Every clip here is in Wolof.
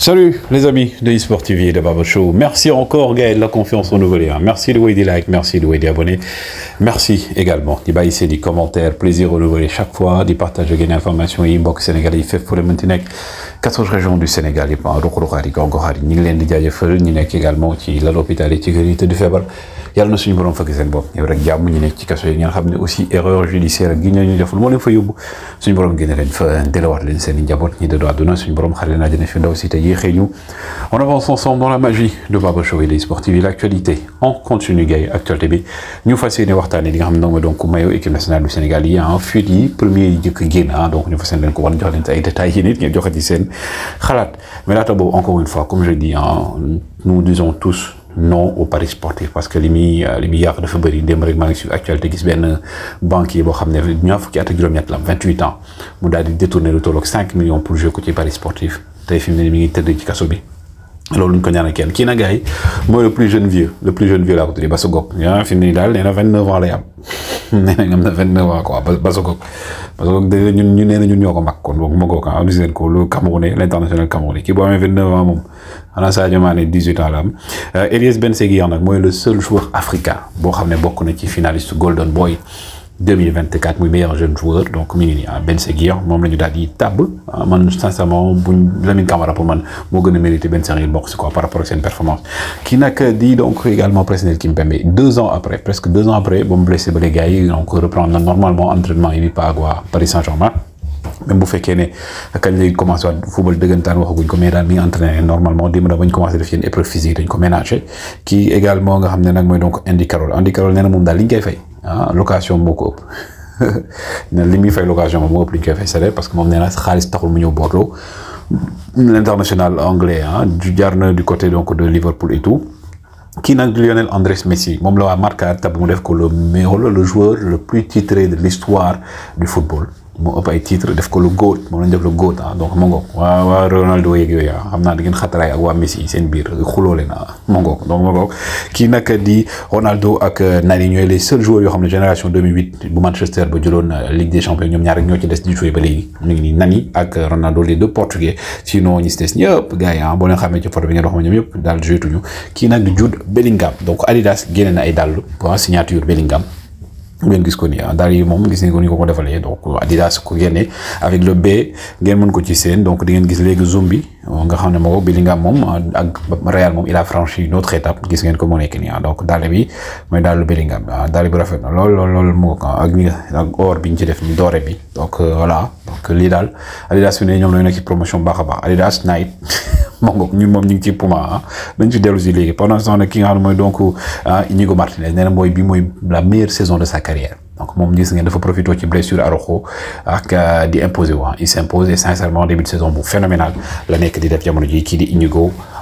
Salut les amis de TV et de Babo Show. Merci encore Gaël, la confiance renouvelée. Hein. Merci de vous des like, merci de vous des abonner. Merci également de baisser des commentaires, plaisir renouvelé chaque fois, de partager des informations, inbox sénégalais, qui fait pour le Montenegro, 14 régions du Sénégal, et pas Rokorokari, Gongorari, Ninglen de Diaye Feu, Ninek également, qui l'hôpital et train de Février yàlla na suñu borom fakk seen bopp yow rek jàmm ñu nekk ci kaso yi ngeen xam ne aussi erreur judiciaire gi ñu deful moo leen fa yóbbu suñu borom génne leen fa delawaat leen seen i njaboot ñi dëddu àdduna suñu borom xar leen àjjana fi ndaw si te yéexee ñu on avance ensemble dans la magie de Baba Show et des sportifs et l'actualité en continu gay yi actualité bi ñu fas yéene waxtaanee li nga xam ne moom donc maillot équipe nationale du Sénégal yi ah fuite yi premier yi jëkk génn ah donc ñu fas yéene leen ko war jox leen ay détails yi nit ngeen joxe ci seen xalaat mais laata boobu encore une fois comme je dis ah nous disons tous non au paris sportif parce que limi limi li de yàq dafa rek maa ngi suivre actualité gis ben banquier bo xam ne fukki at ak la 28 ans mu daal di détourné lu tolloog 5 millions pour jouer ko ci paris sportif tey fi mu mi ngi ci kasso bi. Alors nous connaissons ñaanal kenn kii nag gars le plus jeune vieux le plus jeune vieux là, ko tuddee il Gok a fi mu il a na 29 ans là, il nee na 29 ans quoi Basu Gok Basu Gok dégg ñun ñu nee na ñun ñoo ko ko ah, ko le Camerounais l'international Camerounais kii boo 29 ans il xanaa Sadio 18 ans là, euh, Elias Ben Seguir moi le seul joueur africain bon xam ne bokk qui ci finaliste Golden Boy. 2024 muy meilleur jeune joueur donc mi ngi ah, Ben seguir mom ah, sincèrement pour man Ben seguir quoi par rapport à performance ki que di donc également me permet, deux ans après presque deux ans après bon blessé donc reprendre normalement entraînement il pas quoi Paris Saint-Germain même bu fekkee ne kañ commencé football dëggantaan waxaguñ ko mais daal mi entraîné normalement na commencé dañ ko qui, également nga donc ah, location beaucoup ko ëpp ne fay location moo ëpp que parce que je suis khalis xaalis taxul mu ñëw Bordeaux l'international anglais ah, du jarne du côté donc de Liverpool et tout Qui n'est Lionel Andrés Messi mom la suis Marca tab mu def ko le meilleur le joueur le plus titré de l'histoire du football mo ëpp ay titre def ko lu goat mo lañ def lu goat ah donc mo ngoog wa wa Ronaldo yeeg yooyu ah xam naa da ngeen xataraay ak wa Messi seen biir xuloo leen ah ma ngoog donc mo ngoog ki nak di Ronaldo ak euh, Nani ñooy les seuls joueurs yo xamne generation génération 2008 bu Manchester ba jëloon euh, Ligue des champions ñom ñaar rek ñoo ci des di jouer ba legi ñu ngi Nani ak Ronaldo les deux portugais sino ñi si des gaay gars yi ah boo leen xamee ci photo bi ngeen wax ma ñom ñëpp dal joué tuñu ki nak di Jude Bellingham donc Adidas génne na ay dàll ah signature Bellingham ngeen gis ko nii ah daal yi moom gis ngeen ko ni ko ko defalee donc Adidas ko génne avec le B ngeen mën ko ci seen donc di ngeen gis léegi zoom bi euh, nga xam ne moo Bellingham moom euh, ak Real moom il a franchi une autre étape gis ngeen ko moo nekk nii ah donc daal bi mooy daal Bellingham ah daal bi rafet na lool lool lool mu ah, ak ak or biñ ci def ni doore bi donc euh, voilà que lii daal Adidas fi ne ñoom nekk ci promotion bu baax a baax Adidas Nike moo ngoog ñun moom ñu ngi ci Puma dañ ah. ci pendant ce temps nag ki nga donc ah, Inigo Martinez nee la meilleure saison de sa carrière donc moom gis ngeen dafa profité ci blessure Araujo ak ah, di imposer il s'impose et sincèrement début de saison bu phénoménal la nekk di def jamono ji kii di Inigo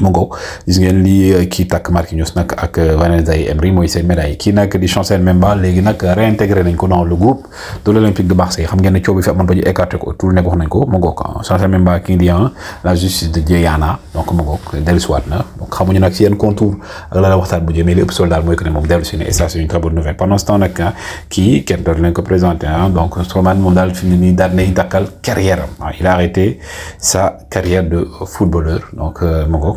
mongo ngo gis ngeen li euh, ki tak Marquinhos nak ak euh, Vanessa Emery moy seen médaille ki nak di Chancel ba légui nak réintégré nañ ko dans le groupe de l'Olympique de Marseille xam ngeen ne coow fi amon ba ñu écarté ko tout nekk wax nañ ko mu ngoog euh, Chancel ki di la justice de Diana donc mongo ngoog dellusiwaat na donc ñu nak ci yenn contour ak la waxtaan bu jëmee li ëpp solo daal mooy que ne moom dellusi na et ça c'est une très bonne nouvelle pendant ce temps nak hein, ki ken do leen ko présenter hein. donc Stroman moom daal fini mu ne nay carrière ah, il a arrêté sa carrière de footballeur donc mongo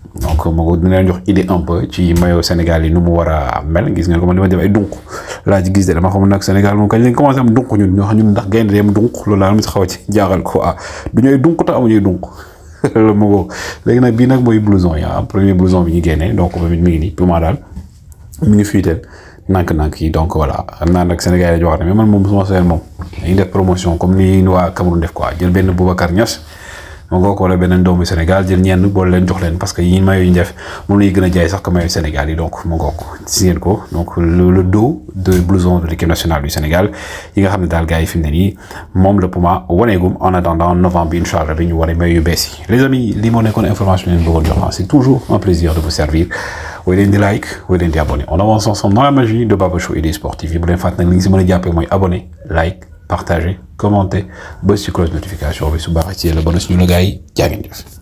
donc moo dina leen jox idée un peu ci mayo Sénégal yi nu mu war mel gis nga ko man dama def ay dunq laa ci gis de dama xam nag Sénégal mo kañ lañ commencé am dunq ñun ñu xam ñun ndax gën dem dunq loolu laa mu si xaw ci jaaxal ko ah du ñoy dunq ta amuñuy dunq loolu moo ko léegi nag bi nak moy blouson ya ah, premier blouson bi ñu gënné donc mi ngi ni Puma dal mi ngi fuiteel nak nak yi donc voilà xam naa Sénégal yi dañu wax mais man moom sama seen moom dañuy def promotion comme ni wa Cameroun def quoi jël ben Boubacar ñass ma ngoog wala beneen doomu Sénégal jël ñenn boole leen jox leen parce que yi maillot yi ñu def moom la ñuy gën a jaay sax que maillot Sénégal yi donc ma ngoog si ngeen ko donc le dos de blouson de l'équipe nationale du Sénégal yi nga xam ne daal gars yi fi mu ne nii moom la Puma waneegum en attendant novembre bi incha allah bi ñu waree maillot yu bees yi les amis li moo nekkoon information yi leen bëggoon jox hein, c'est toujours un plaisir de vous servir way leen di like way leen di abonné on avance ensemble dans la magie de Baba et des sportifs yi bu leen fàttali nag li nga si mën a jàppee mooy abonné like partager commenter sur sur cloche notification vous sur baaxee le la ba vous suñu la gars